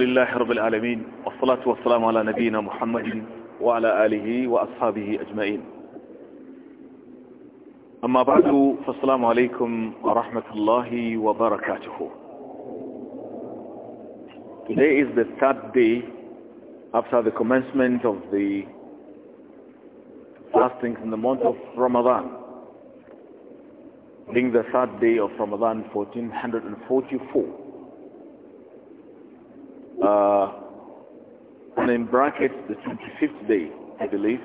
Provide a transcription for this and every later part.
لله رب العالمين والصلاة والسلام على نبينا محمد وعلى آله وأصحابه أجمعين أما بعد فالسلام عليكم ورحمة الله وبركاته Today is the third day after the commencement of the fasting in the month of Ramadan being the third day of Ramadan 1444 uh, and in brackets the 25th day, I believe,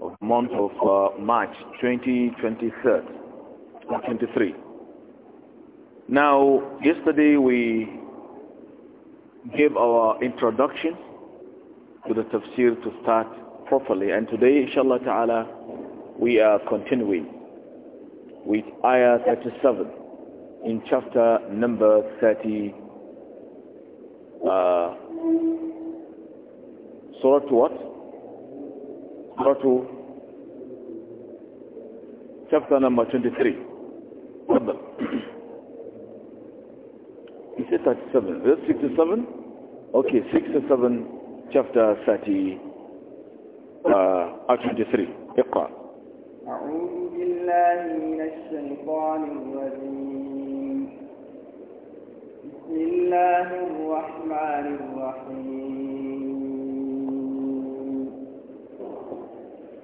of the month of uh, March 2023. Now, yesterday we gave our introduction to the tafsir to start properly. And today, inshallah ta'ala, we are continuing with ayah 37 in chapter number 30. Uh, Surah to what? Surah to chapter number 23. Fadal. He said 37. Verse 67? Okay, 67, chapter 30, uh, uh 23. اقرأ. أعوذ بالله من الشيطان الرجيم بسم الله الرحمن الرحيم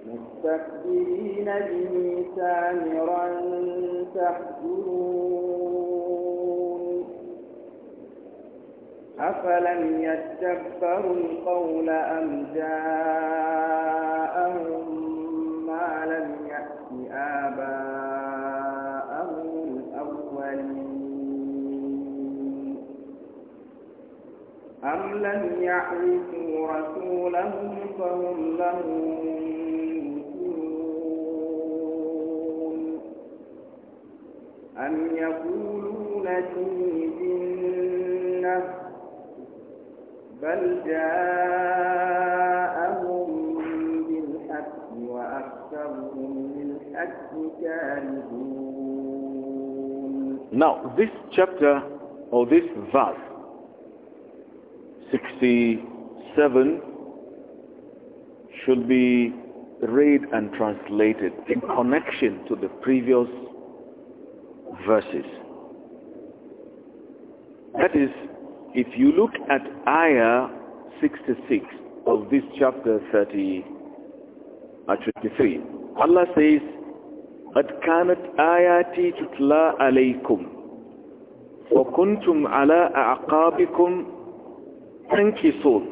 مستكبرين به سامرا تحجرون أفلم يتكبروا القول أم جاءهم لم يعرفوا رسولهم فهم له مسلمون أم يقولون فيه جنة بل جاءهم بالحق وأكثرهم للحق كارهون Now this chapter or this verse 67 should be read and translated in connection to the previous verses. That is, if you look at ayah 66 of this chapter 30, uh, 23, Allah says, قد كانت آياتي تتلى عليكم وكنتم على أعقابكم تنكسون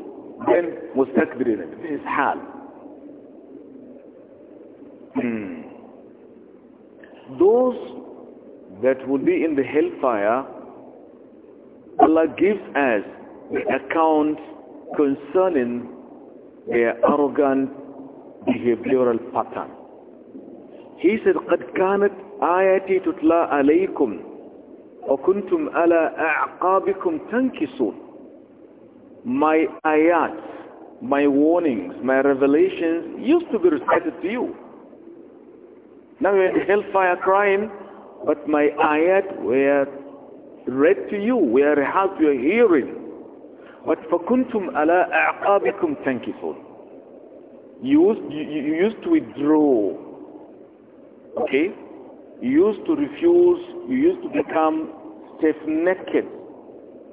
then مستكبرين this حال hmm. those that would be in the hellfire Allah gives us the account concerning their arrogant behavioral pattern he said قد كانت آياتي تتلى عليكم وكنتم على أعقابكم تنكسون my ayat, my warnings, my revelations used to be recited to you. Now you're hellfire crying, but my ayat were read to you, were rehearsed to your hearing. But فَكُنْتُمْ عَلَىٰ أَعْقَابِكُمْ تَنْكِفُونَ you used, you, you used to withdraw, okay? You used to refuse, you used to become stiff-necked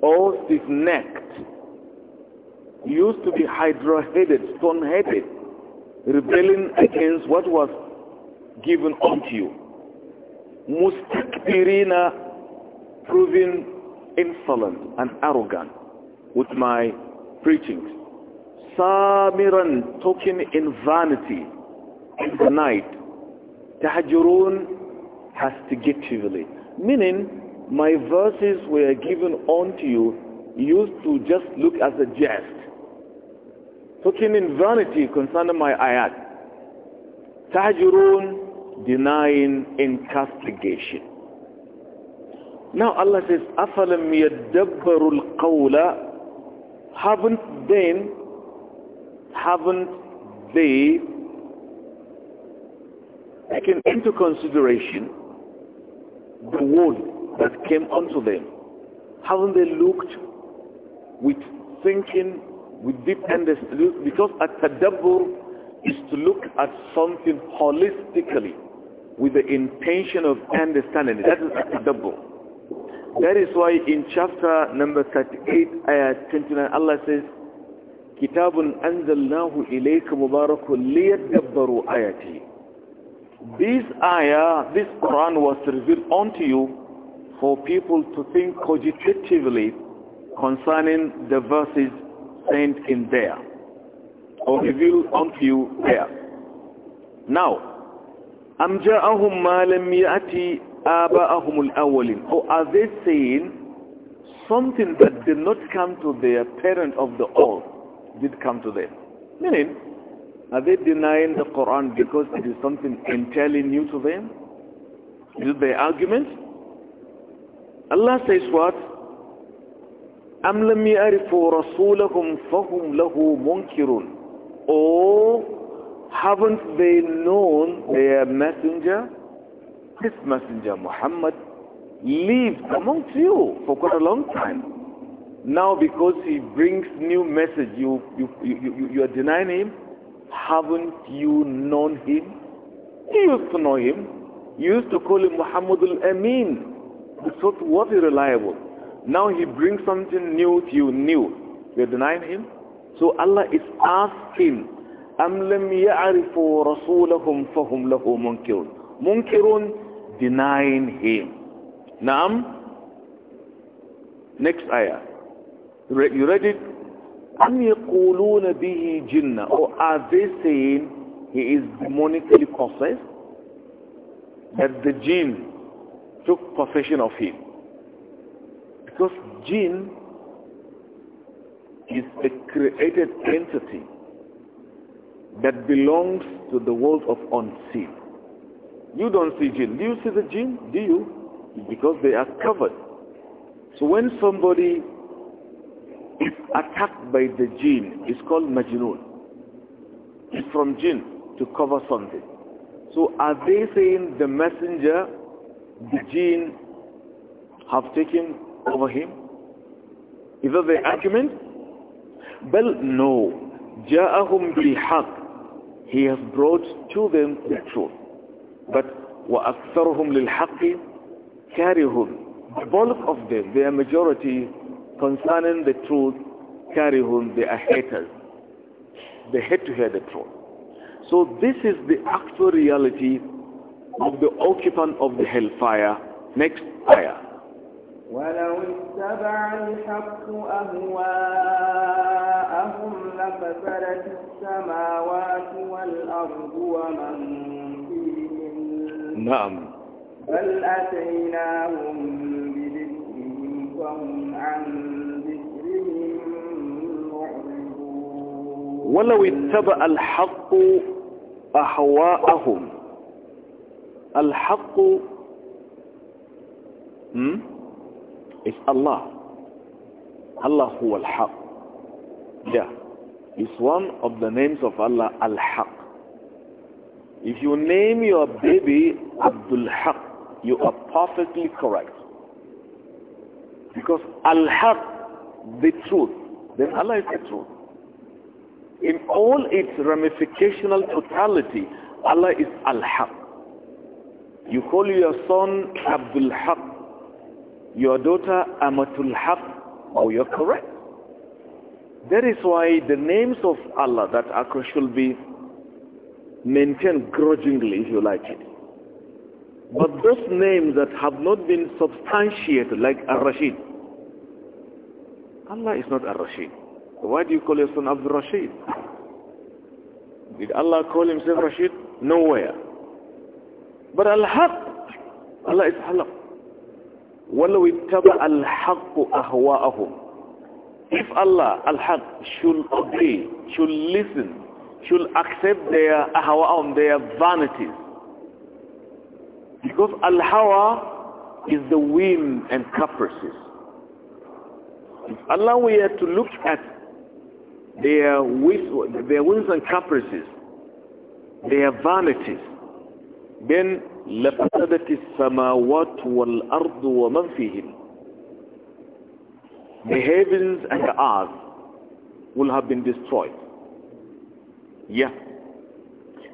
or stiff-necked used to be hydra-headed, stone-headed, rebelling against what was given unto you. Mustakbirina, proving insolent and arrogant with my preachings. Samiran, talking in vanity in the night. Tahajurun, hastigatively. Meaning, my verses were given unto you used to just look as a jest talking in vanity concerning my ayat. Tajurun, denying investigation. Now Allah says, أَفَلَمْ يَدَّبَّرُ الْقَوْلَ Haven't then, haven't they taken into consideration the word that came unto them? Haven't they looked with thinking with deep understanding because at tadabbur is to look at something holistically with the intention of understanding That is tadabbur. That is why in chapter number 38, ayah 29, Allah says, كتاب أنزلناه إليك مبارك ليتدبروا ayati." This ayah, this Quran was revealed unto you for people to think cogitatively concerning the verses sent in there or revealed unto you there. Now, أم جاءهم ما لم يأتي آباءهم الأولين Or are they saying something that did not come to their parent of the all did come to them? Meaning, are they denying the Quran because it is something entirely new to them? Is it their argument? Allah says what? or haven't they known their messenger this messenger Muhammad lived amongst you for quite a long time now because he brings new message you you, you, you are denying him haven't you known him you used to know him you used to call him Muhammad al-Amin so what is reliable now he brings something new to you, new. You're denying him? So Allah is asking, أَمْ لَمْ يَعْرِفُوا رَسُولَهُمْ فَهُمْ لَهُ مُنْكِرُونَ Munkirun denying him. Naam? Next ayah. You read it? أَمْ يَقُولُونَ بِهِ جِنَّةً Or are they saying he is demonically possessed? That the jinn took possession of him. Because jinn is a created entity that belongs to the world of unseen. You don't see jinn. Do you see the jinn? Do you? Because they are covered. So when somebody is attacked by the jinn, it's called majnun. It's from jinn to cover something. So are they saying the messenger, the jinn, have taken over him? Is that the argument? Well, no. جَاءَهُمْ بِالْحَقِّ He has brought to them the truth. But وَأَكْثَرُهُمْ لِلْحَقِّ كَارِهُمْ The bulk of them, their majority concerning the truth, كَارِهُمْ They are haters. They hate to hear the truth. So this is the actual reality of the occupant of the hellfire next fire. ولو اتبع الحق أهواءهم لفسدت السماوات والأرض ومن فيهن نعم بل أتيناهم بذكرهم فهم عن ذكرهم معرضون ولو اتبع الحق أهواءهم الحق هم؟ It's Allah. Allah who al-haq. Yeah. It's one of the names of Allah, al-haq. If you name your baby Abdul Haq, you are perfectly correct. Because Al-Haq, the truth, then Allah is the truth. In all its ramificational totality, Allah is Al-Haq. You call your son Abdul Haq, your daughter Amatul Haq, oh, you're correct. That is why the names of Allah that occur should be maintained grudgingly, if you like it. But those names that have not been substantiated, like Ar-Rashid, Allah is not Ar-Rashid. Why do you call your son Abdul Rashid? Did Allah call himself Rashid? Nowhere. But Al-Haq, Allah is Halaq. وَلَوْ اتَّبَعَ الْحَقُّ أَهْوَاءَهُمْ If Allah, Al-Haq, should obey, should listen, should accept their ahwa'ahum, their vanities. Because Al-Hawa is the whim and caprices. If Allah have to look at their, wish, their whims and caprices, their vanities, then لَفَسَدَتِ السَّمَاوَاتُ وَالْأَرْضُ وَمَنْ فِيهِمْ The heavens and the earth will have been destroyed. Yeah.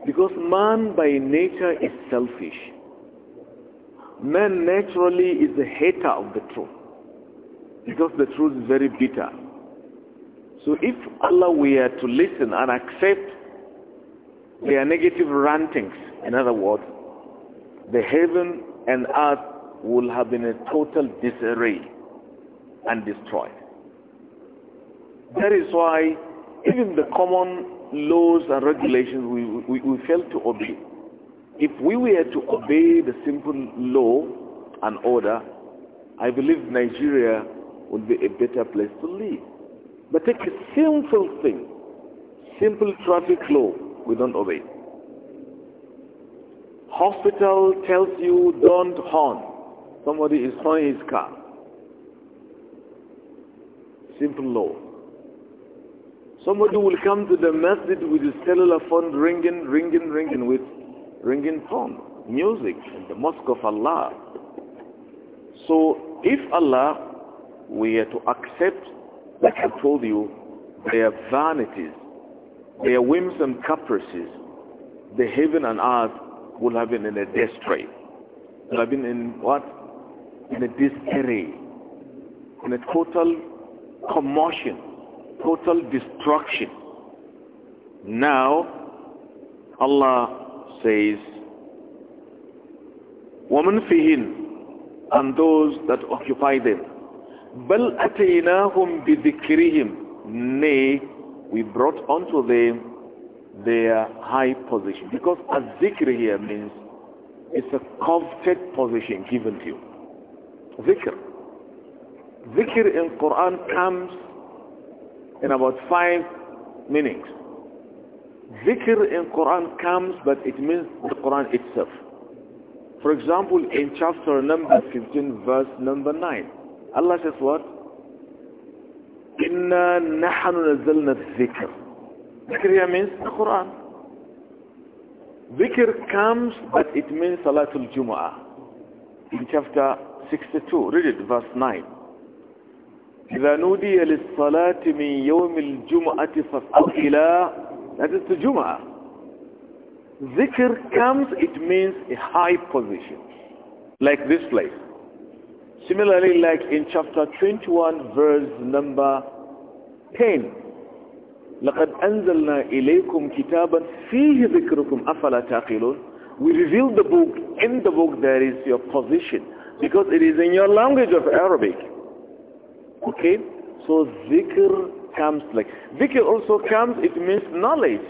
Because man by nature is selfish. Man naturally is a hater of the truth. Because the truth is very bitter. So if Allah were to listen and accept their negative rantings, in other words, the heaven and earth will have been a total disarray and destroyed. That is why even the common laws and regulations we, we, we fail to obey. If we were to obey the simple law and order, I believe Nigeria would be a better place to live. But take a simple thing, simple traffic law, we don't obey. Hospital tells you don't horn. Somebody is horning his car. Simple law. Somebody will come to the masjid with his cellular phone ringing, ringing, ringing with ringing phone, music, the mosque of Allah. So if Allah were to accept, like I told you, their vanities, their whims and caprices, the heaven and earth would have been in a disarray. Would have been in what? In a disarray. In a total commotion, total destruction. Now, Allah says, woman fihin and those that occupy them. بَلْ أَتَيْنَاهُمْ بِذِكْرِهِمْ Nay, we brought unto them their high position. Because a zikr here means it's a coveted position given to you. Zikr. Zikr in Quran comes in about five meanings. Zikr in Quran comes, but it means the Quran itself. For example, in chapter number 15, verse number 9, Allah says what? إِنَّا نَحَنُ نَزَلْنَا الذِّكْرِ Zikriya means the Quran. Zikr comes, but it means Salatul Jumu'ah. In chapter 62, read it, verse 9. إذا نودي للصلاة من يوم الجمعة فاسأل That is the Jumu'ah. Zikr comes, it means a high position. Like this place. Similarly, like in chapter 21, verse number 10. لقد أنزلنا إليكم كتابا فيه ذكركم أفلا تعقلون We reveal the book. In the book there is your position because it is in your language of Arabic. Okay? So zikr comes like... Zikr also comes, it means knowledge.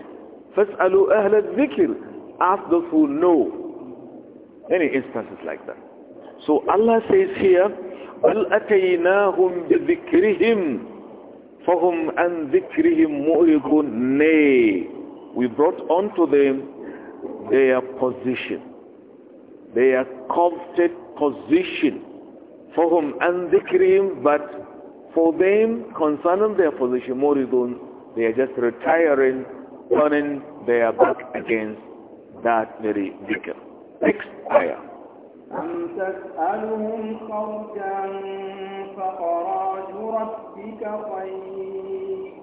فَاسْأَلُوا أَهْلَ الذِّكْر Ask those who know. Any instances like that. So Allah says here, بَلْ أَتَيْنَاهُمْ بِذِكْرِهِمْ فَهُمْ أَنْ ذِكْرِهِمْ مُؤْرِضُونَ Nay, we brought unto them their position, their coveted position. For and the cream But for them, concerning their position, مُؤْرِضُونَ They are just retiring, turning their back against that very dhikr. Next ayah. تسألهم خرجا فخراج ربك خير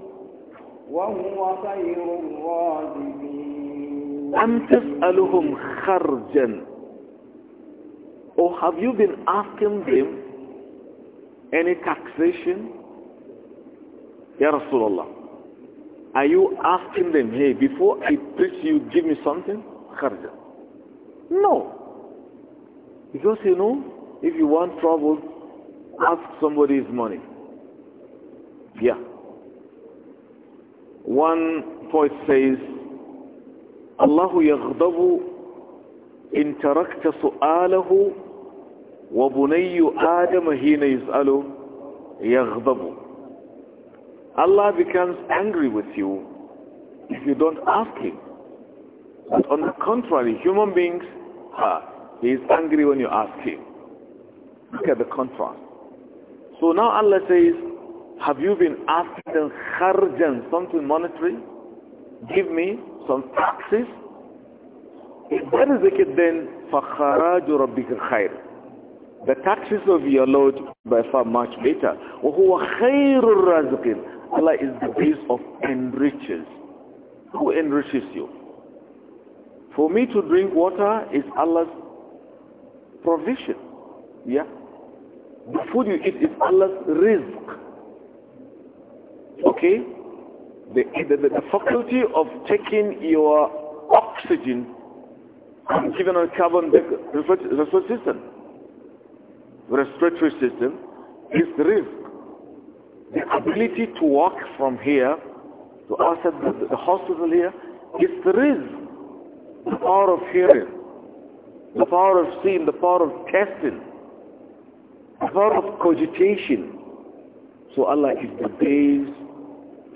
وهو خير الرازقين أم تسألهم خرجا Or have you been asking them any taxation? Ya Rasulullah, are you asking them, hey, before I preach you, give me something? Kharja. No. Because, you know, if you want trouble, ask somebody's money. Yeah. One voice says, الله يغضب إن تركت سؤاله وبني آدم حين يسأله يغضب Allah becomes angry with you if you don't ask him. But on the contrary, human beings are. He is angry when you ask him. Look at the contrast. So now Allah says, have you been asking them kharjan, something monetary? Give me some taxes? If that is the case then, فَخَرَاجُ رَبِّكَ the taxes of your Lord by far much better. وَهُوَ خَيْرُ الرَّازِقِينَ Allah is the base of enriches. Who enriches you? For me to drink water is Allah's provision. Yeah? The food you eat is Allah's risk. Okay? The, the, the, the faculty of taking your oxygen and giving on carbon respiratory system. Respiratory system is the risk. The ability to walk from here to outside the, the hospital here is the risk. The power of hearing the power of seeing, the power of testing, the power of cogitation. So Allah is the base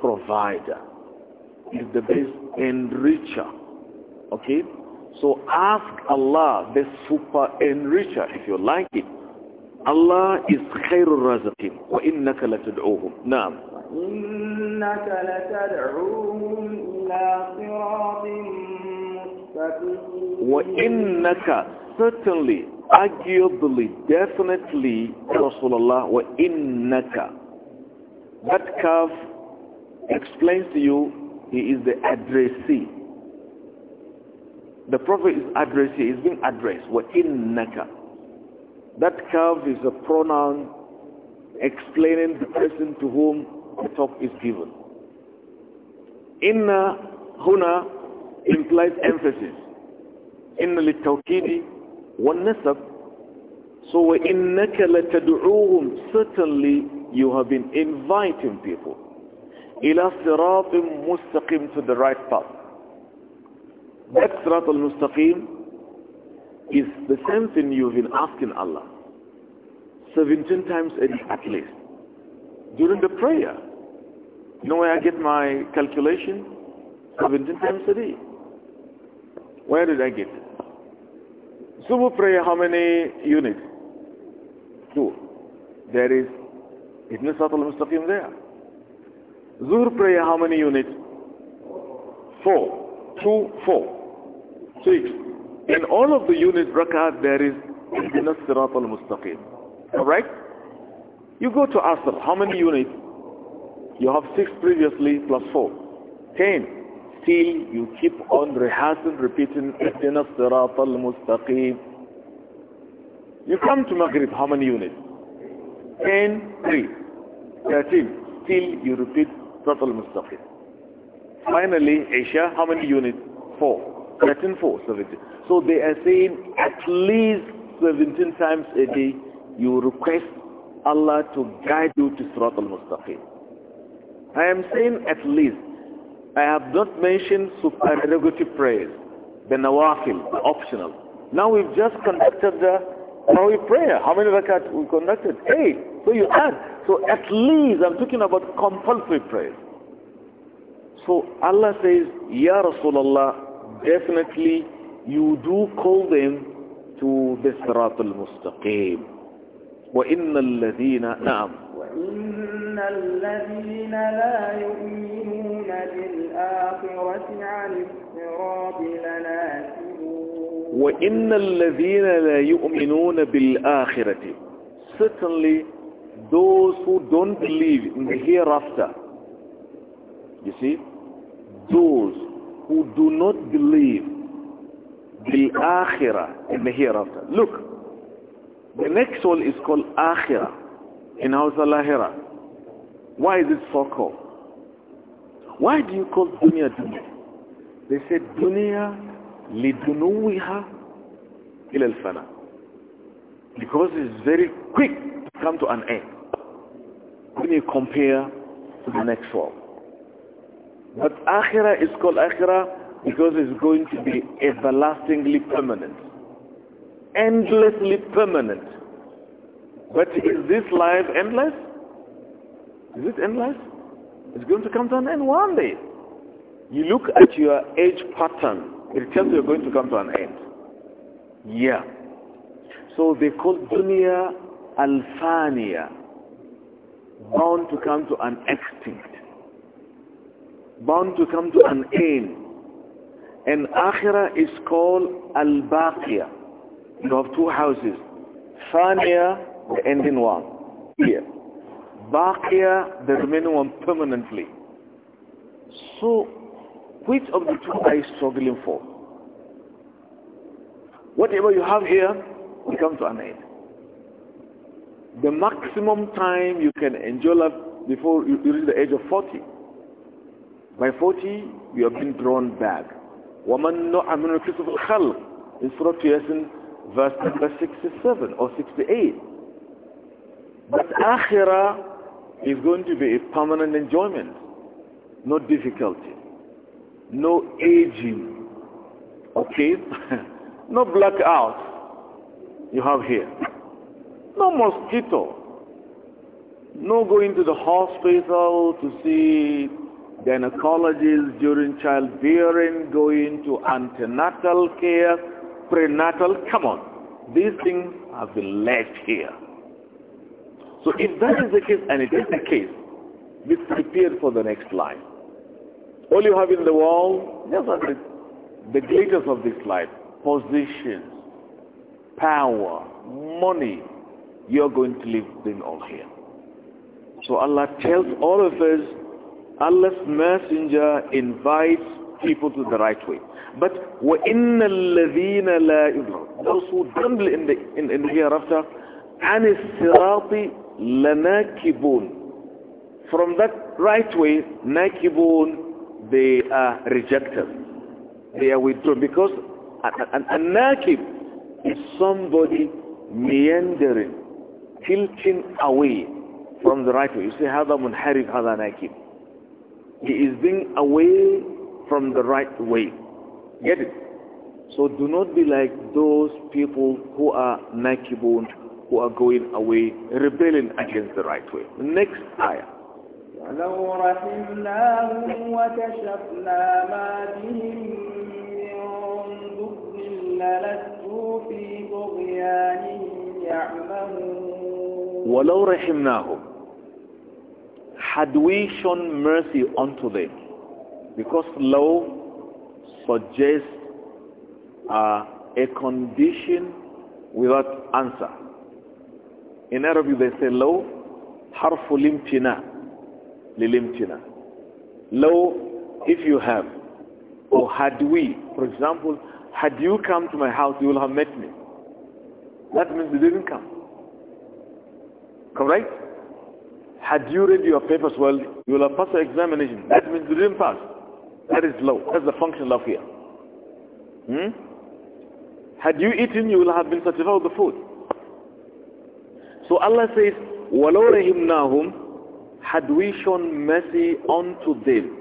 provider, is the base enricher. Okay? So ask Allah, the super enricher, if you like it. Allah is خير الرازقين وإنك لتدعوهم نعم إنك لتدعوهم إلى صراط وإنك certainly arguably definitely Rasulullah وإنك that calf explains to you he is the addressee the prophet is addressee is being addressed وإنك that calf is a pronoun explaining the person to whom the talk is given inna huna implies emphasis إن للتوكيد والنسب so وإنك لتدعوهم certainly you have been inviting people إلى صراط مستقيم to the right path that صراط المستقيم is the same thing you've been asking Allah 17 times a day at least during the prayer you know where I get my calculation 17 times a day where did I get? Subu prayer, how many units? Two. There is Ibn Satul al-Mustaqim there. Zuhr prayer, how many units? Four. Two, four. Six. In all of the units, rakat, there is Ibn Sirat mustaqim Alright? You go to Asr, how many units? You have six previously plus four. Ten. Still, you keep on rehearsing, repeating, Ihdina sirat al-mustaqim. You come to Maghrib, how many units? 10, 3, 13. Still, you repeat sirat mustaqim Finally, Isha, how many units? 4. 13, 4, So they are saying at least 17 times a day you request Allah to guide you to Surat al-Mustaqim. I am saying at least I have not mentioned supererogative prayers, the nawafil, the optional. Now we've just conducted the Tawi prayer. How many rakat we conducted? Eight. So you add. So at least I'm talking about compulsory prayers. So Allah says, Ya Rasulullah, definitely you do call them to the Sirat al-Mustaqim. وَإِنَّ الَّذِينَ نَعَمْ وَإِنَّ الَّذِينَ لَا يُؤْمِنُونَ بِالْ الآخرة عن الصراط وإن الذين لا يؤمنون بالآخرة certainly those who don't believe in the hereafter you see those who do not believe بالآخرة in the hereafter look the next one is called آخرة in Hausa Lahira why is it so called Why do you call dunya dunya? They said dunya lidunuwiha ila al-fana. Because it's very quick to come to an end. When you compare to the next one. But akhirah is called akhirah because it's going to be everlastingly permanent. Endlessly permanent. But is this life endless? Is it endless? It's going to come to an end one day. You look at your age pattern, it tells you you're going to come to an end. Yeah. So they call dunya Alfania bound to come to an extinct, bound to come to an end. And akhirah is called al You have two houses. Fania, the ending one. Here. Baqiya, the remaining one permanently. So, which of the two are you struggling for? Whatever you have here will come to an end. The maximum time you can enjoy life before you reach the age of 40. By 40, you have been drawn back. وَمَنْ نُعَمِنُ الْكِسُفُ الْخَلْقِ In Surah Yasin, verse number 67 or 68. But akhirah is going to be a permanent enjoyment. No difficulty. No aging. Okay? no blackout you have here. No mosquito. No going to the hospital to see gynecologists during childbearing, going to antenatal care, prenatal. Come on. These things have been left here. So if that is the case, and it is the case, be prepared for the next life. All you have in the world, just the, the glitters of this life, positions, power, money, you're going to leave them all here. So Allah tells all of us, Allah's messenger invites people to the right way. But وَإِنَّ الَّذِينَ لَا يُضْلَوْنَ Those who tremble in the, in, in the hereafter, عَنِ الصِّرَاطِ lanakibun. From that right way, nakibun, they are rejected. They are withdrawn because a an, nakib is somebody meandering, tilting away from the right way. You say, هذا منحرف, هذا nakib. He is being away from the right way. Get it? So do not be like those people who are nakibun who are going away rebelling against the right way. Next ayah. ولو رحمناهم had we shown mercy unto them because law suggests uh, a condition without answer in Arabic they say low harfu limtina lilimtina. Low if you have or had we. For example, had you come to my house you will have met me. That means you didn't come. Correct? Had you read your papers well, you will have passed the examination. That means you didn't pass. That is low. That's the function of here. Hmm? Had you eaten, you will have been satisfied with the food. So Allah says, وَلَوْ رَحِمْنَاهُمْ Had we shown mercy unto them.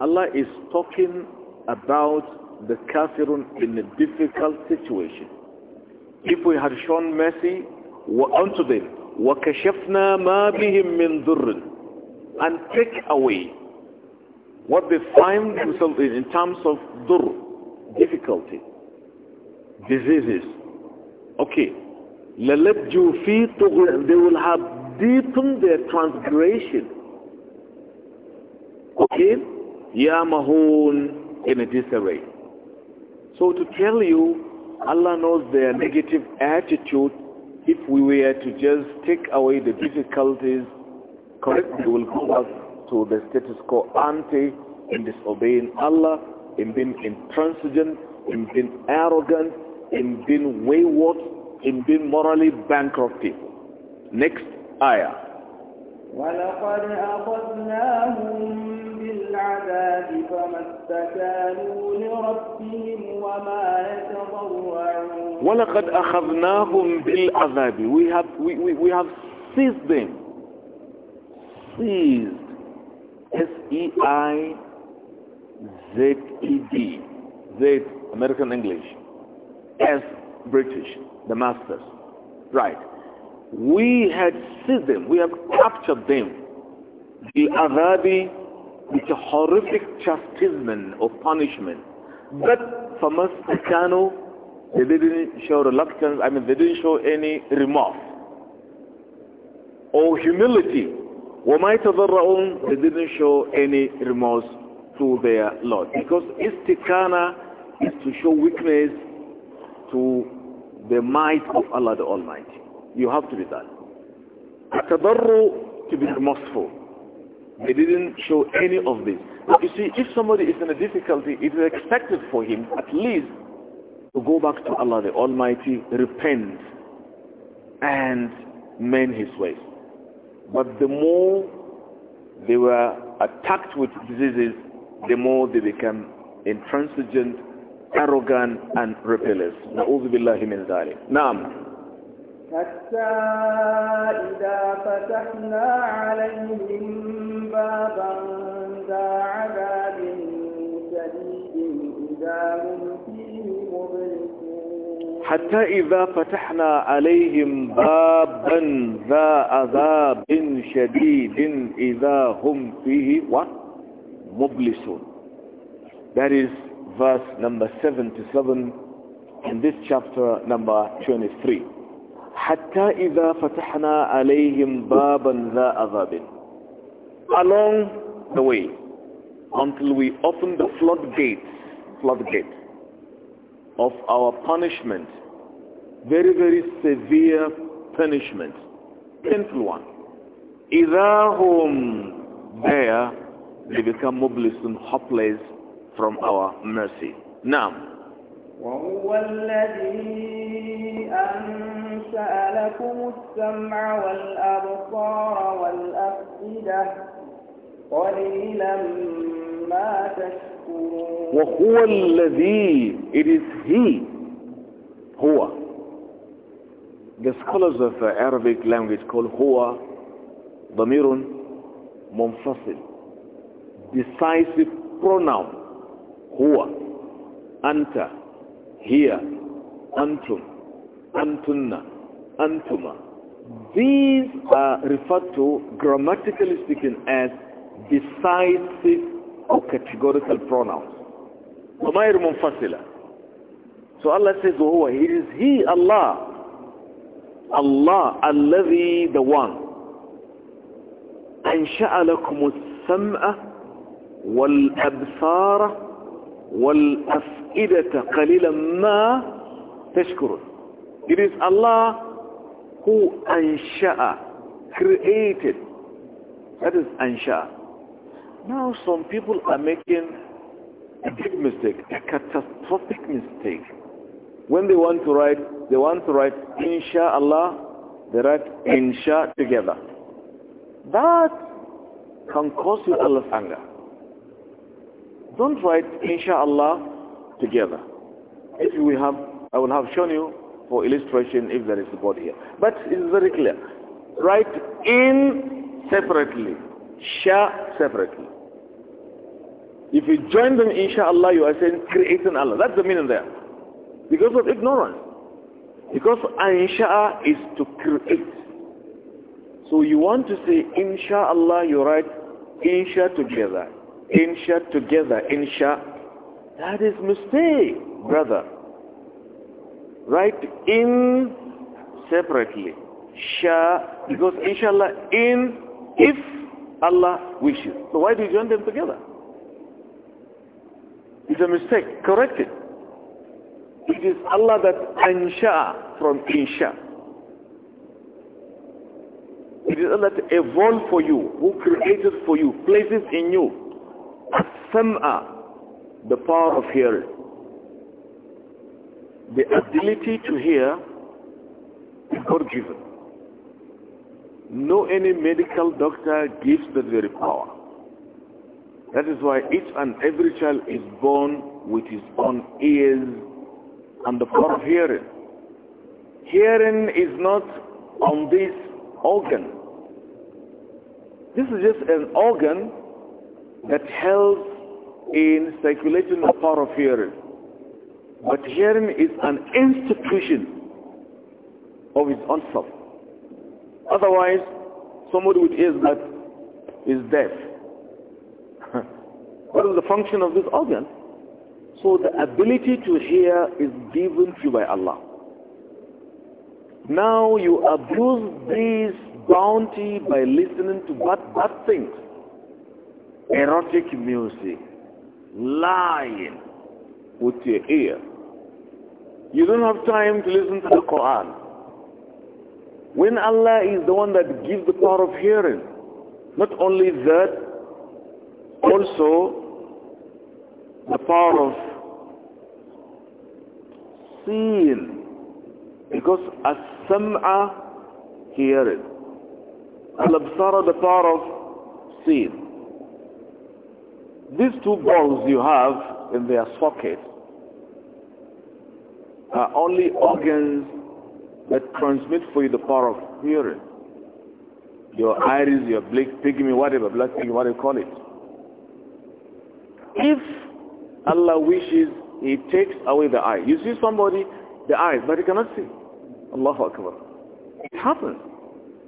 Allah is talking about the kafirun in a difficult situation. If we had shown mercy unto them, وَكَشَفْنَا مَا بِهِمْ مِنْ ذُرٍ And take away what they find themselves in, in terms of dur, difficulty, diseases. Okay, they will have deepened their transgression. Okay? يَامَهُونَ In a disarray. So to tell you, Allah knows their negative attitude. If we were to just take away the difficulties, correct, will go us to the status quo ante in disobeying Allah, in being intransigent, in being arrogant, in being wayward, in being morally bankrupt people. Next ayah. ولقد أخذناهم بالعذاب فما استكانوا لربهم وما يتضرعون ولقد أخذناهم بالعذاب we have, we, we, we have seized them seized S-E-I-Z-E-D Z American English S British, the masters. Right. We had seized them, we have captured them. The Arabi with a horrific chastisement or punishment. But for Mastakano, they didn't show reluctance, I mean, they didn't show any remorse or humility. وَمَا يَتَضَرَّعُونَ They didn't show any remorse to their Lord. Because istikana is to show weakness to the might of Allah the Almighty. You have to be that. Atadarru to be remorseful. They didn't show any of this. But you see, if somebody is in a difficulty, it is expected for him at least to go back to Allah the Almighty, repent, and mend his ways. But the more they were attacked with diseases, the more they became intransigent arrogant and rebellious. نعوذ بالله من ذلك. نعم. حتى إذا فتحنا عليهم بابا ذا عذاب شديد إذا هم فيه مبلسون حتى إذا فتحنا عليهم بابا ذا عذاب شديد إذا هم فيه مبلسون That is verse number 77 in this chapter number 23 حتى إذا فتحنا alayhim baban ذا عذاب along the way until we open the floodgates floodgate of our punishment very very severe punishment painful one إذا هم there they become mobilists and hopeless from our mercy نعم وهو الذي أنشأ لكم السمع والأبصار والأفئدة قليلا ما تشكرون وهو الذي it is he هو the scholars of the uh, Arabic language call هو ضمير منفصل decisive pronoun huwa anta hiya antum antunna antuma these are referred to grammatically speaking as decisive or categorical pronouns ضمائر منفصله so Allah says huwa he is he Allah Allah الذي the one أنشأ sama wal-Abfar. والأفئدة قليلا ما تَشْكُرُونَ It is Allah who ansha'a, created. That is ansha'a. Now some people are making a big mistake, a catastrophic mistake. When they want to write, they want to write insha'Allah, they write Insha'a together. That can cause you Allah's anger. Don't write inshallah together. If we have, I will have shown you for illustration if there is a board here. But it's very clear. Write in separately, sha separately. If you join them, inshallah, you are saying creating Allah. That's the meaning there. Because of ignorance. Because Insha is to create. So you want to say inshallah, you write insha together. Insha together, insha, that is mistake, brother. Write in separately. Sha, because inshallah, in, if Allah wishes. So why do you join them together? It's a mistake. Correct it. It is Allah that ansha from insha. It is Allah that evolved for you, who created for you, places in you, as-sam'a, the power of hearing. The ability to hear is God given. No any medical doctor gives that very power. That is why each and every child is born with his own ears and the power of hearing. Hearing is not on this organ. This is just an organ that helps in circulating the power of hearing. But hearing is an institution of its own self. Otherwise, somebody with ears that is deaf. what is the function of this organ? So the ability to hear is given to you by Allah. Now you abuse this bounty by listening to bad, bad things erotic music, lying with your ear. You don't have time to listen to the Quran. When Allah is the one that gives the power of hearing, not only that, also the power of seeing. Because as-sam'a, hearing. Al-absara, the power of seeing. These two balls you have in their socket are only organs that transmit for you the power of hearing. Your iris, your blink, pygmy, whatever, black pygmy, whatever you call it. If Allah wishes, He takes away the eye. You see somebody, the eyes, but he cannot see. Allahu Akbar. It happens.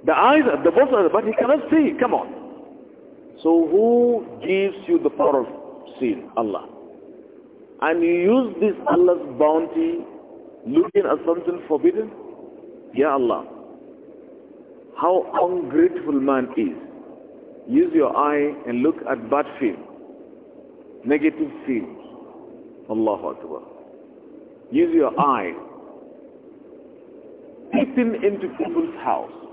The eyes, the both are, but he cannot see. Come on. So who gives you the power of sin? Allah. And you use this Allah's bounty looking at something forbidden? Ya Allah. How ungrateful man is. Use your eye and look at bad film, negative films. Allahu Akbar. Use your eye. Peeping into people's house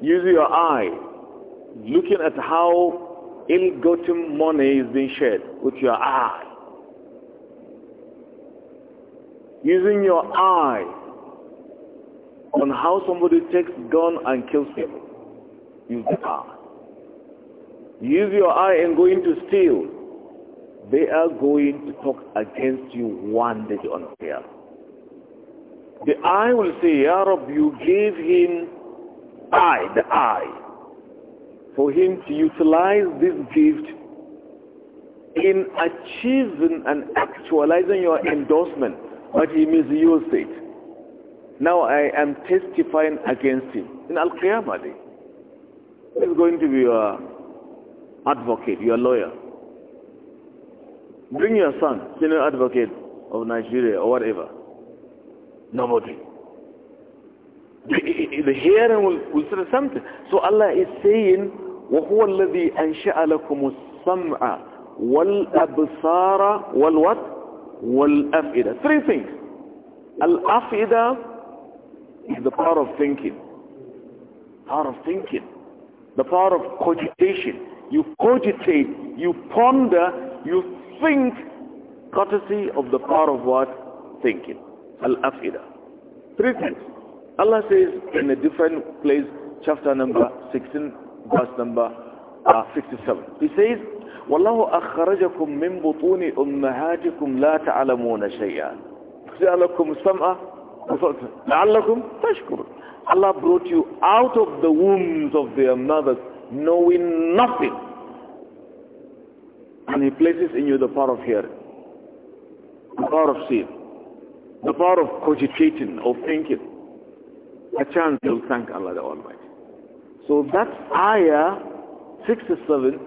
using your eye, looking at how ill-gotten money is being shared with your eye. Using your eye on how somebody takes gun and kills people. Use the eye. Use your eye and going to steal. They are going to talk against you one day on here. The eye will say, Ya you gave him I, the I, for him to utilize this gift in achieving and actualizing your endorsement, but he misused it. Now I am testifying against him in Al-Qiyamah Day. He's going to be your advocate, your lawyer. Bring your son, senior advocate of Nigeria or whatever. Nobody. the hearing will, will say something. So Allah is saying, وَهُوَ الَّذِي أَنْشَأَ لَكُمُ السَّمْعَ وَالْأَبْصَارَ وَالْوَتْ وَالْأَفْئِدَ Three things. Al-afida is the power of thinking. Power of thinking. The power of cogitation. You cogitate, you ponder, you think courtesy of the power of what? Thinking. Al-afida. Three things. Allah says in a different place, chapter number 16, verse number uh, 67. He says, وَاللَّهُ أَخَّرَجَكُم مِّن بُطُونِ أُمَّهَاتِكُمْ لَا تَعْلَمُونَ شَيْئًا لَكُمْ السَّمْعَ لَعَلَّكُمْ تَشْكُرُونَ Allah brought you out of the wombs of their mothers knowing nothing. And He places in you the power of hearing, the power of seeing, the power of cogitating, of thinking a chance to will thank Allah the Almighty. So that ayah 67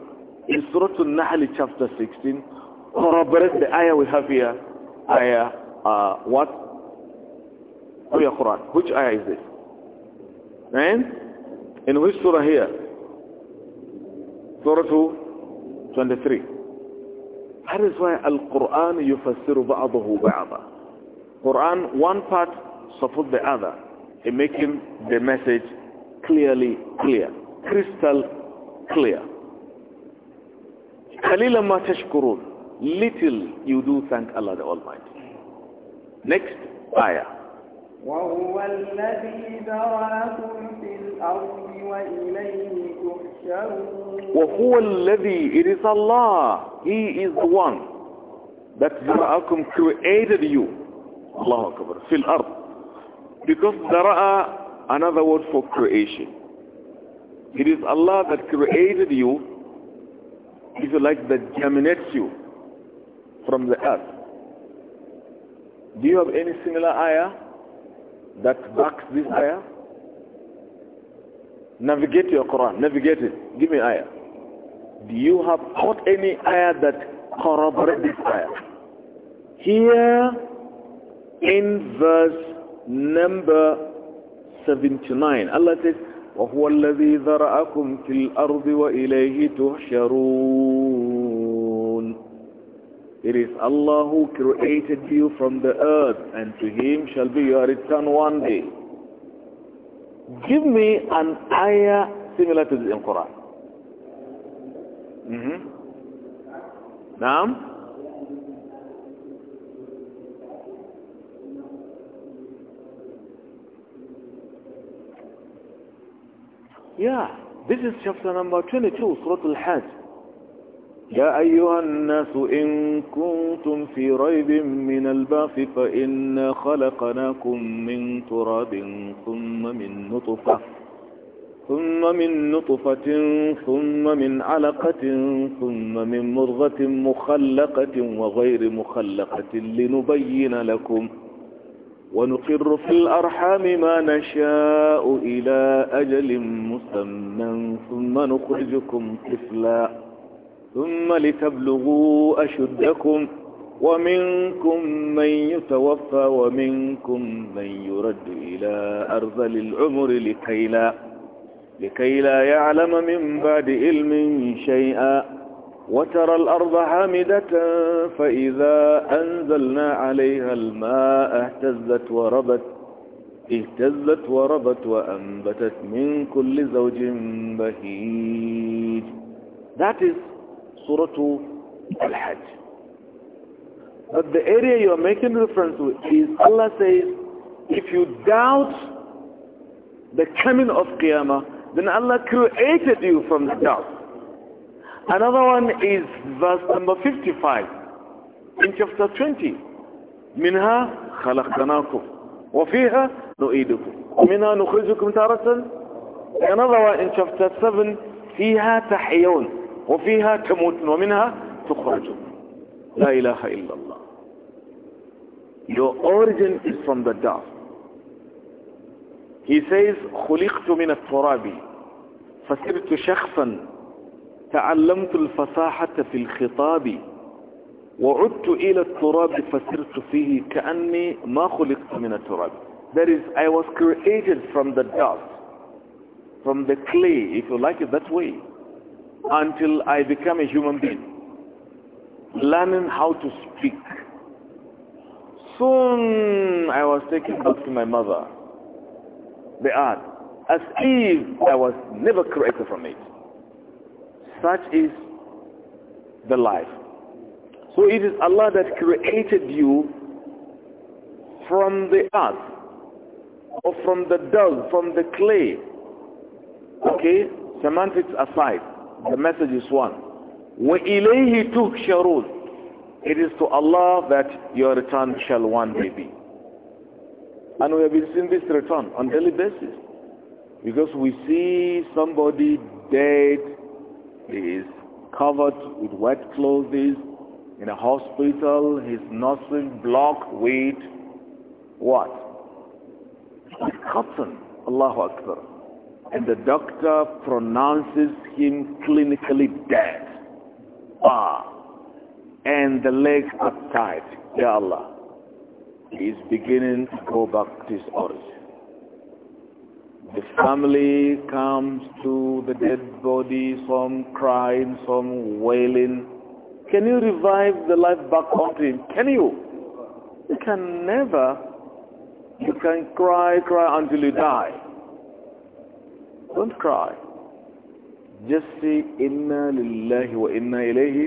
in Surah Al-Nahl chapter 16 corroborate oh, the ayah we have here, ayah uh, what? Oh yeah, Quran. Which ayah is this? And in which surah here? Surah 2, 23. That is why Al-Quran yufassiru ba'adahu ba'ada. Quran, one part supports the other in making the message clearly clear, crystal clear. Kalila مَا تَشْكُرُونَ Little you do thank Allah the Almighty. Next ayah. وهو الذي ذرأكم في الأرض وإليه تحشرون وهو الذي it is Allah He is the one that ذرأكم created you الله akbar. في الأرض because dara'a, another word for creation. It is Allah that created you, if you like, that germinates you from the earth. Do you have any similar ayah that backs this ayah? Navigate your Quran. Navigate it. Give me ayah. Do you have caught any ayah that corroborates this ayah? Here in verse number 79 Allah says وهو الذي ذرأكم في الأرض وإليه تحشرون It is Allah who created you from the earth and to him shall be your return one day. Give me an ayah similar to the Quran. Mm -hmm. Now? Yeah, this is chapter number 22, Surah Al-Hajj. يا أيها الناس إن كنتم في ريب من البعث فإنا خلقناكم من تراب ثم من نطفة ثم من نطفة ثم من علقة ثم من مرغة مخلقة وغير مخلقة لنبين لكم ونقر في الأرحام ما نشاء إلى أجل مسمى ثم نخرجكم طفلا ثم لتبلغوا أشدكم ومنكم من يتوفى ومنكم من يرد إلى أرذل العمر لكي لا, لكي لا يعلم من بعد علم شيئا وترى الأرض حامدة فإذا أنزلنا عليها الماء اهتزت وربت اهتزت وربت وأنبتت من كل زوج بهيج That is Surah Al-Hajj. But the area you are making reference to is Allah says, if you doubt the coming of Qiyamah, then Allah created you from the doubt. Another one is verse number 55 in chapter 20. منها خلقناكم وفيها نؤيدكم ومنها نخرجكم تارة Another one in chapter 7 فيها تحيون وفيها تموتون ومنها تخرجون لا إله إلا الله Your origin is from the dust. He says خلقت من الترابي فسرت شخصا تعلمت الفصاحة في الخطاب وعدت إلى التراب فسرت فيه كأني ما خلقت من التراب That is, I was created from the dust, from the clay, if you like it that way, until I became a human being, learning how to speak. Soon I was taken back to my mother, the earth, as if I was never created from it. Such is the life. So it is Allah that created you from the earth or from the dust, from the clay. Okay? Semantics aside, the message is one. وَإِلَيْهِ تُحْشَرُونَ It is to Allah that your return shall one day be. And we have been seeing this return on daily basis. Because we see somebody dead he is covered with wet clothes in a hospital. His nostrils blocked with what? With cotton. Allahu Akbar. And the doctor pronounces him clinically dead. Ah. And the legs are tied. Ya Allah. He is beginning to go back to his origin. The family comes to the dead body, some crying, some wailing. Can you revive the life back onto him? Can you? You can never. You can cry, cry until you die. Don't cry. Just say, Inna lillahi wa inna ilayhi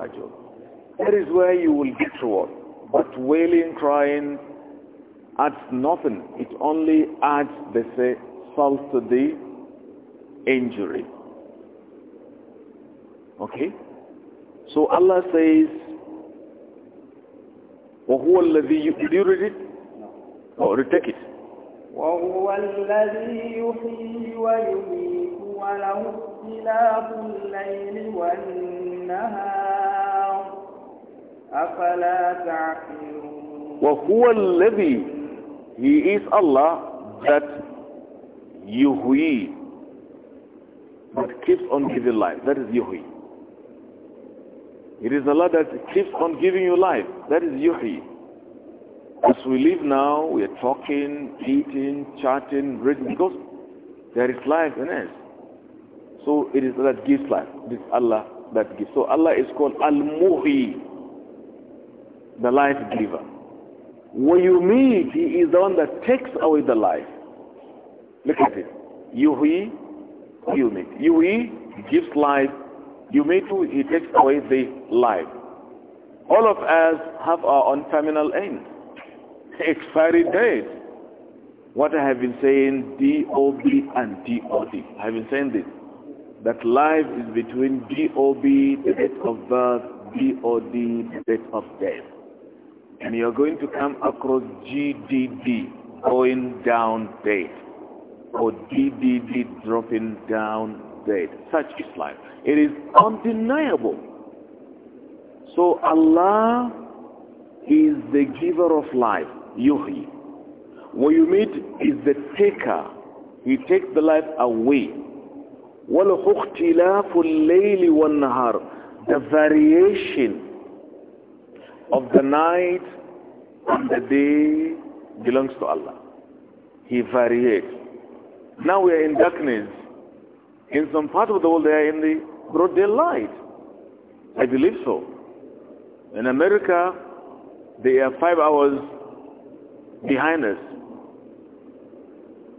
ajum. That is where you will get reward. But wailing, crying, adds nothing. It only adds, they say, salt to the injury. Okay? So Allah says, وَهُوَ الَّذِي Did you read it? Oh, retake it. وَهُوَ الَّذِي يُحْيِي وَيُمِيتُ وَلَهُ اخْتِلَافُ اللَّيْلِ وَالنَّهَارِ أَفَلَا تَعْقِلُونَ وَهُوَ الَّذِي he is Allah that Yuhui that keeps on giving life. That is Yuhui. It is Allah that keeps on giving you life. That is Yuhui. As we live now, we are talking, eating, chatting, reading, because there is life in us. So it is that gives life. It is Allah that gives. So Allah is called Al-Muhi, the life giver you meet He is the one that takes away the life. Look at it. Yuhi, You he gives life. Yumitu, he takes away the life. All of us have our own terminal end. Expiry date. What I have been saying, DOB and DOD. I have been saying this. That life is between DOB, the date of birth, DOD, the date of death and you're going to come across GDD, going down date, or DDD, dropping down date. Such is life. It is undeniable. So Allah is the giver of life, Yuhi. What you meet is the taker. He takes the life away. وَلَهُ اللَّيْلِ وَالنَّهَارِ The variation of the night and the day belongs to Allah. He variates. Now we are in darkness. In some part of the world, they are in the broad daylight. I believe so. In America, they are five hours behind us.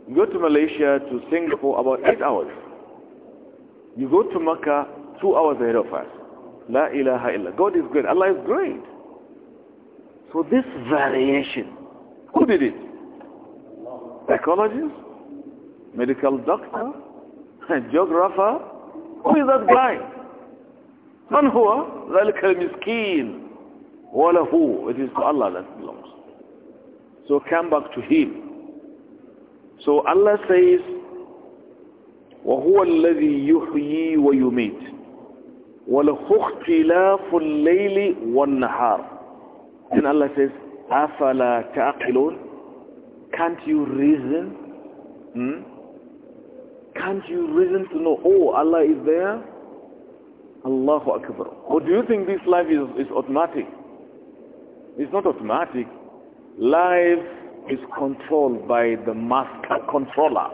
You go to Malaysia, to Singapore, about eight hours. You go to Mecca two hours ahead of us. La ilaha illa. God is great. Allah is great. So this variation, who did it? Psychologist? Medical doctor? Geographer? Who is that guy? من هو ذلك المسكين وله it is to Allah that belongs so come back to him so Allah says وهو الذي يحيي ويميت وله اختلاف الليل والنهار then Allah says, "A'fala تعقلون تَعْقِلُونَ Can't you reason? Hmm? Can't you reason to know, oh, Allah is there? Allahu Akbar. Or do you think this life is, is automatic? It's not automatic. Life is controlled by the master controller.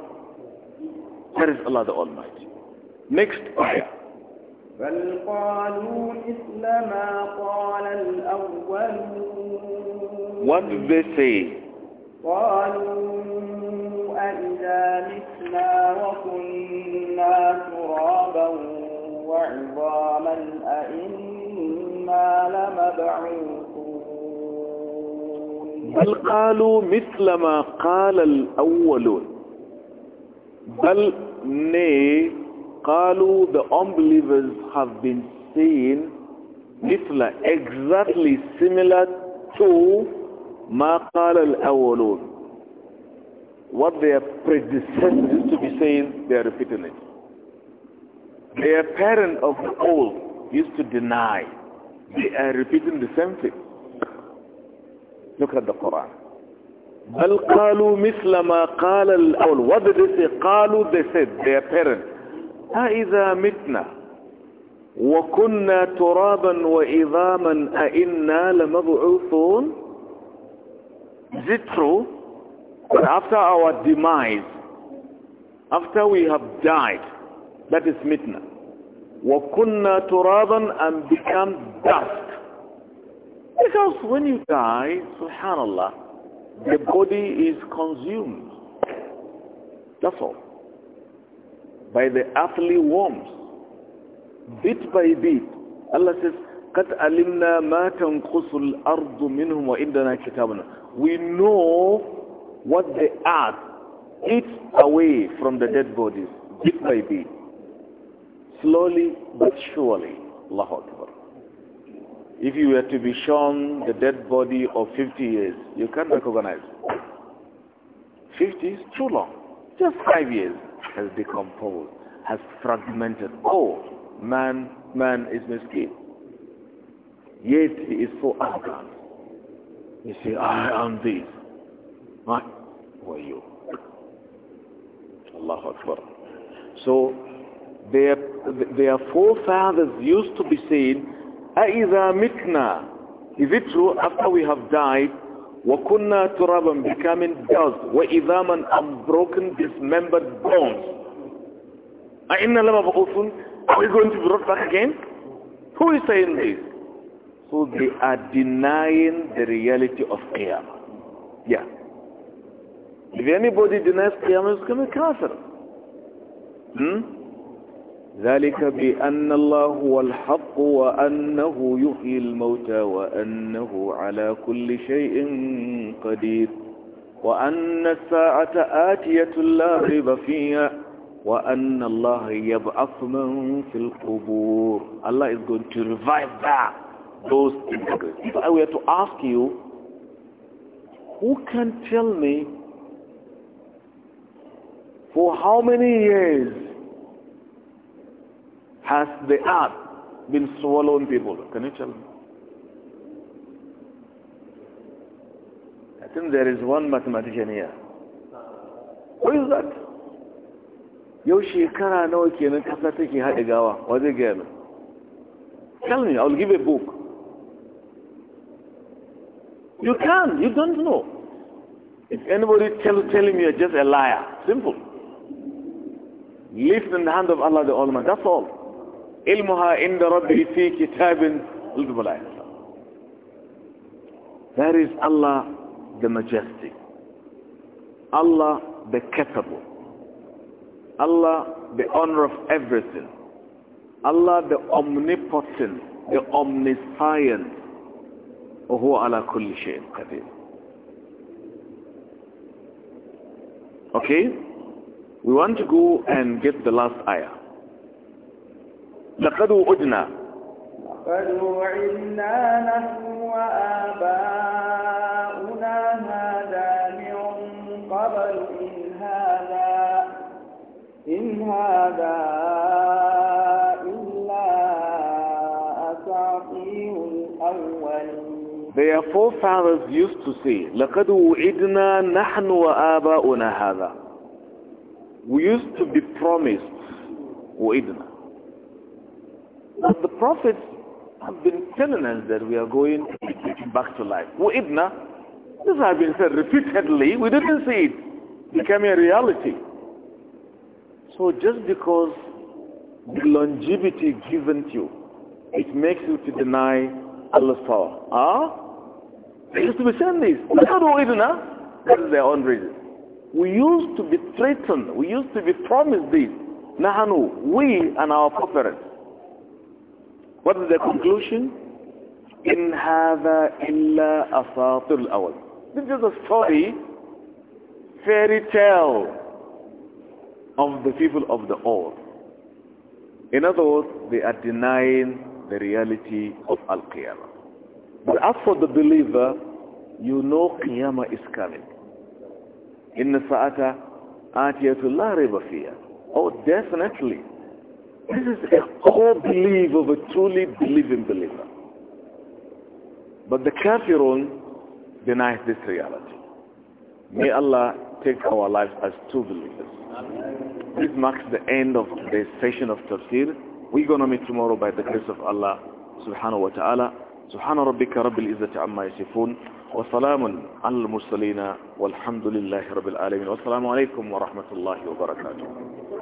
That is Allah the Almighty. Next ayah. بل قالوا مثل ما قال الأولون What did they say? قالوا أئذا متنا وكنا ترابا وعظاما أئنا لمبعوثون بل قالوا مثل ما قال الأولون بل ne قالوا the unbelievers have been saying مثل exactly similar to "Maqal al الأولون what their predecessors used to be saying they are repeating it their parent of the old used to deny they are repeating the same thing look at the Quran بل قالوا مثل ما قال الأول what did they say قالوا they said their parent أئذا متنا وكنا ترابا وإظاما أئنا لمبعوثون Is it true that after our demise, after we have died, that is mitna, wakunna turaban and become dust. Because when you die, subhanallah, the body is consumed. That's all by the earthly worms. Bit by bit, Allah says, قَدْ أَلِمْنَا مَا تَنْقُسُ الْأَرْضُ مِنْهُمْ وَإِنَّنَا كِتَابُنَا We know what the earth eats away from the dead bodies, bit by bit. Slowly but surely. Allahu Akbar. If you were to be shown the dead body of 50 years, you can't recognize 50 is too long. Just five years has decomposed, has fragmented. Oh, man, man is mistaken. Yet he is so arrogant. He say, I am this. My, who are you? Allahu Akbar. So their, their forefathers used to be saying, أَإِذَا مِتْنَا Is it true after we have died? وَكُنَّا تُرَابًا Becoming dust. وَإِذَامًا Unbroken, dismembered bones. أَإِنَّا لَمَبْعُثٌ Are we going to be brought back again? Who is saying this? So they are denying the reality of Qiyamah. Yeah. If anybody denies Qiyamah, he's going to be kafir. Hmm? ذلك بأن الله هو الحق وأنه يحيي الموتى وأنه على كل شيء قدير وأن الساعة آتية لا ريب فيها وأن الله يبعث من في القبور Allah is going to revive that those things If I were to ask you, who can tell me for how many years Has the earth been swallowing people? Can you tell me? I think there is one mathematician here. Who is that? Yau shekara nawa kenan kasa take haɗe gawa, wa zai Tell me, I'll give a book. You can, you don't know. If anybody tells tell me, you're just a liar, simple. Leave in the hand of Allah the Almighty, that's all ilmuha inda rabbihi fi kitabin That is Allah the majestic. Allah the capable. Allah the owner of everything. Allah the omnipotent, the omniscient. وهو على كل شيء قدير. Okay? We want to go and get the last ayah. لقد وعدنا لقد وعدنا نحن وآباؤنا هذا من قبل إن هذا إن هذا إلا أساطير الأولين Their forefathers used to say, لقد وعدنا نحن وآباؤنا هذا. We used to be promised وعدنا But the prophets have been telling us that we are going back to life. Wa'idna, this has been said repeatedly, we didn't see it becoming a reality. So just because the longevity given to you, it makes you to deny Allah's power. Ah? They used to be saying this. Without wa'idna, that is their own reason. We used to be threatened, we used to be promised this. Nahanu, we and our parents. What is the conclusion? In هذا إلا أساطير الأول. This is a story, fairy tale of the people of the old. In other words, they are denying the reality of Al-Qiyamah. But as for the believer, you know Qiyamah is coming. In the Sa'ata, Atiyatu la fear? Oh, definitely. This is a core belief of a truly believing believer. But the kafirun denies this reality. May Allah take our lives as true believers. This marks the end of the session of tafsir. We're going to meet tomorrow by the grace of Allah subhanahu wa ta'ala. سبحان ربك رب العزة عما يصفون وسلام على المرسلين والحمد لله رب العالمين والسلام عليكم ورحمة الله وبركاته